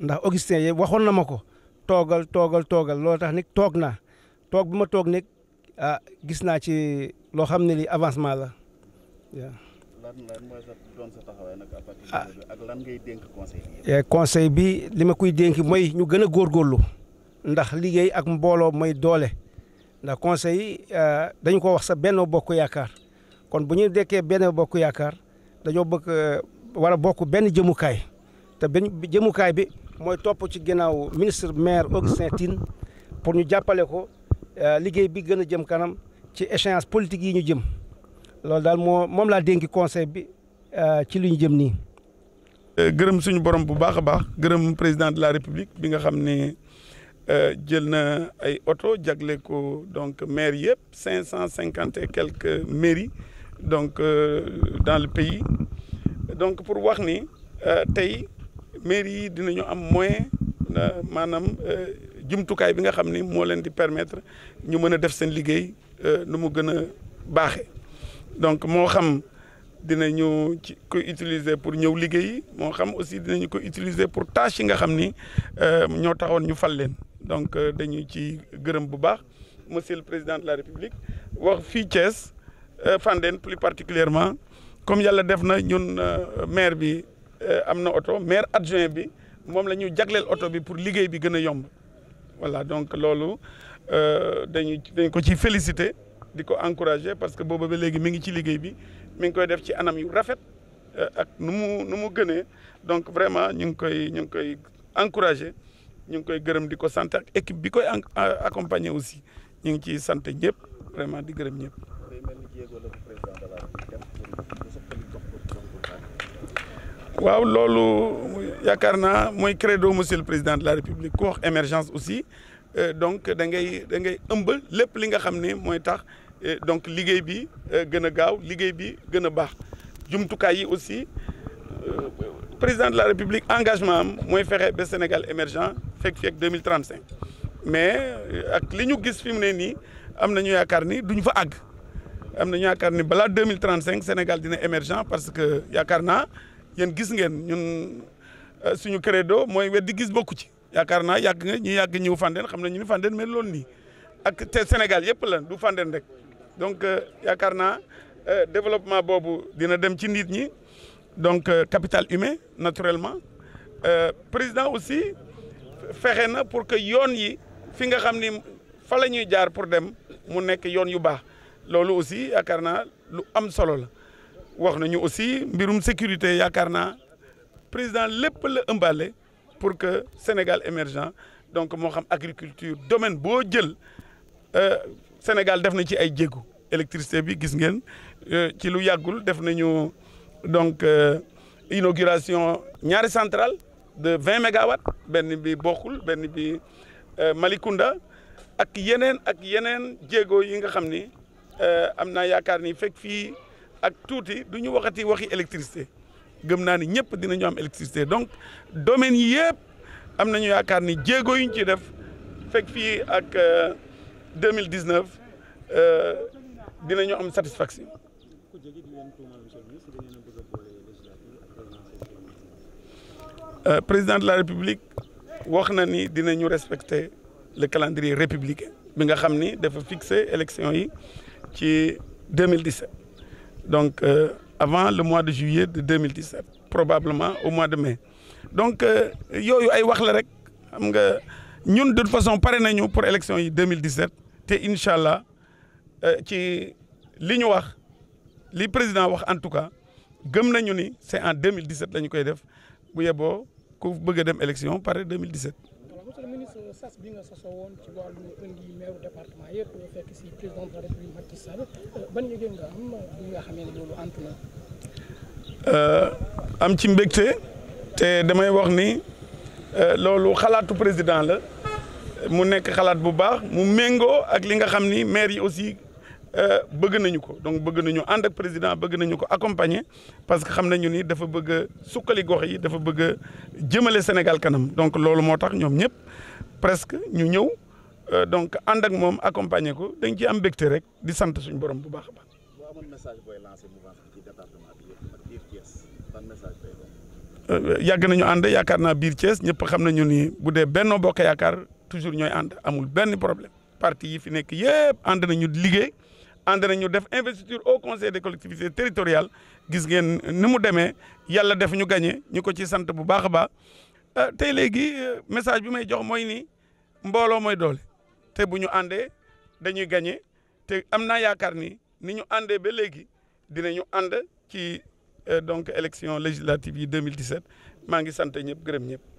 ndax Augustin yi waxoon na ma ko toogal toogal toogal loolu tax nag toog naa toog bi ma toog nag ah gis naa ci loo xam ne li avancement la waaw. lan lan ah. eh, conseil bi. li ma koy dénk moy ñu gën a góor góorgóorlu ndax liggéey ak mbooloo moy doole ndax conseil yi ah, dañu ko wax sa Benno Bokk Yaakaar kon bu ñu dekkee Benno Bokk Yaakaar dañoo bëgg eh, war a bokk benn jëmukaay te benn jëmukaay bi. mooy topp ci ginnaaw ministre maire Augustin mm-hmm. Tine pour ñu jàppale ko euh, liggéey bi gën a jëm kanam ci échéance politique yi ñu jëm loolu daal moo moom laa dénki conseil bi euh, ci lu ñu jëm nii. Euh, gërëm suñu borom bu baax a baax gërëm président de la république bi nga xam ne jël na ay oto jagle ko donc maire yëpp cinq cent cinquante et quelques mairies donc dans le pays donc pour wax ni tey. mairie yi dinañu am moyen euh, maanaam euh, jumtukaay bi nga xam ni moo leen di permettre ñu mën a def seen liggéey euh, nu mu gën a baaxee donc moo xam dinañu ci ko utiliser pour ñëw liggéey moo xam aussi dinañu ko utiliser pour tâche yi nga xam ni ñoo taxoon ñu fal leen donc dañu ci gërëm bu baax monsieur le président de la république wax fii Thiès Fandène plus particulièrement comme yàlla def na ñun maire bi Euh, am na oto maire adjoint bi moom la ñu jagleel oto bi pour liggéey bi gën a yomb voilà donc loolu euh, dañu dañ ko ci féliciter di ko encourager parce que boobu ba léegi mi ngi ci liggéey bi mi ngi koy def ci anam yu rafet euh, ak nu mu nu mu gënee donc vraiment ñu ngi koy ñu ngi koy encourager ñu ngi koy gërëm di ko sant ak équipe bi koy accompagner aussi ñu ngi ciy sant ñëpp vraiment di gërëm ñëpp. waaw loolu yaakaar naa mooy credo monsieur le président de la république ku wax émergence aussi euh, donc da ngay da ngay ëmb lépp li nga xam ni mooy tax euh, donc liggéey bi euh, gën a gaaw liggéey bi gën a baax jumtukaay yi aussi président de la république engagement am mooy fexe ba Sénégal émergent fekk fekk 2035 mais ak li ñu gis fi mu ne nii am nañu yaakaar ni duñ fa àgg am nañu yaakaar ni balaa 2035 Sénégal dina émergent parce que yaakaar naa. yéen gis ngeen ñun euh, suñu credo mooy weddi gis bokku ci yaakaar naa yàgg nga ñu yàgg ñëw Fandène xam na ñu ni Fandène mel loolu nii ak te Sénégal yëpp la du Fandène rek donc euh, yaakaar naa euh, développement boobu dina dem ci nit ñi donc capital humain naturellement président aussi fexe na pour que yoon yi fi nga xam ni fa la ñuy jaar pour dem mu nekk yoon yu baax loolu aussi yaakaar naa lu am solo la wax nañu aussi mbirum sécurité yaakaar naa président lépp la ëmbale pour que Sénégal émergent donc moo xam agriculture domaine boo jël euh, Sénégal def na ci ay jéego électricité bi gis ngeen euh, ci lu yàggul def nañu donc euh, inauguration ñaari centrale de vingt mégawatts benn bi bokkul benn bi Malicounda ak yeneen ak yeneen jéego yi nga xam ni am na yaakaar ni fekk fii. ak tuuti du ñu waxati waxi électricité gëm naa ni ñëpp dinañu am électricité donc domaine yi yëpp am nañu yaakaar ni jéego yuñ ci def fekk fii ak 2019 euh, euh, dinañu am satisfaction. Euh, président de la république wax na ni dinañu respecter le calendrier républicain bi nga xam ni def fixer élection yi ci 2017. donc euh, avant le mois de juillet de 2017 probablement au mois de mai donc euh, yooyu ay wax la rek xam nga ñun de toute façon pare nañu pour élection yi 2017 te incha allah euh, ci li ñu wax li président wax en tout cas gëm nañu ni c'est en 2017 la lañu koy def bu yeboo ku bëgg a dem élection pare 2017. le sas bi nga sosoo woon ci meeru département yëpp ñu fekk si président de euh, nga am euh, bi nga xamee ne euh, am ci mbégte te damay wax ni loolu xalaatu président la mu nekk xalaat bu baax mu méngoo ak li nga xam ni maire yi aussi. Euh, bëgg nañu ko donc bëgg nañu ànd ak président bëgg nañu ko accompagner parce que xam nañu nii dafa bëgg sukkali gox yi dafa bëgg jëmale Sénégal kanam donc loolu moo tax ñoom ñëpp presque ñu ñëw euh, donc ànd ak moom accompagner ko dañ ciy am mbégte rek di sant suñu borom bu baax a baax. Euh, yàgg nañu ànd yaakaar naa biir Thiès ñëpp xam nañu ni bu dee Benno Bokk Yaakaar toujours ñooy ànd amul benn problème partie yi fi nekk yëpp ànd nañu liggéey. ànd na ñu def investiture au conseil des collectivités territoriales gis ngeen ni mu demee yàlla def ñu gagné ñu ko ci sant bu baax a baax euh, tey léegi euh, message bi may jox mooy ni mbooloo mooy doole te bu ñu àndee dañuy gagné te am naa yaakaar ni ni ñu àndee ba léegi dinañu ànd ci euh, donc élection législative yi 2017 maa ngi sant ñëpp gërëm ñëpp.